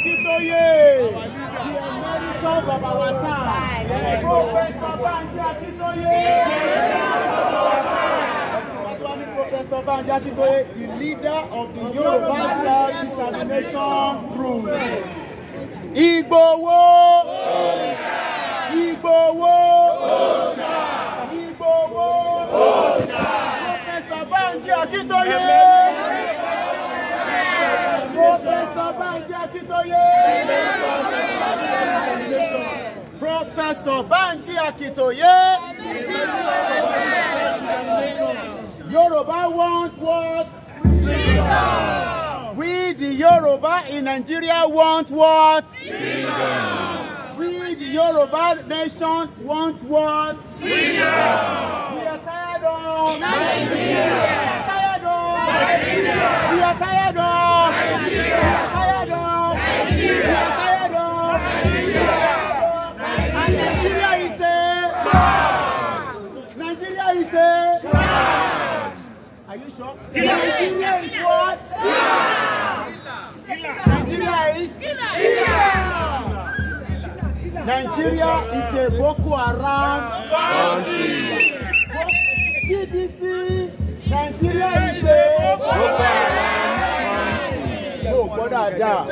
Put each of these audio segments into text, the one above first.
Akintoye, the emeritus of our time. Professor Banji Akintoye. Professor Banji Akintoye, the leader of the Yoruba self-determination group. Igbowo. Igbowo. Igbowo. Professor Banji Akintoye. Akitoye. Professor Banji Akitoye. Yoruba want what? Freedom. We the Yoruba in Nigeria want what? Freedom. We the Yoruba nation want what? Freedom. We are tired of Nigeria. Nigeria is a Nigeria is a Are you sure? Nigeria is what? Nigeria is Nigeria is a Boko Haram country. BBC Nigeria is a Boko Haram. Oh, brother, that.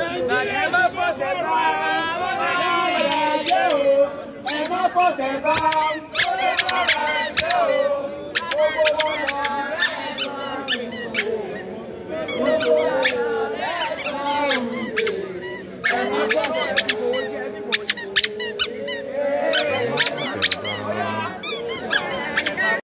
the bar.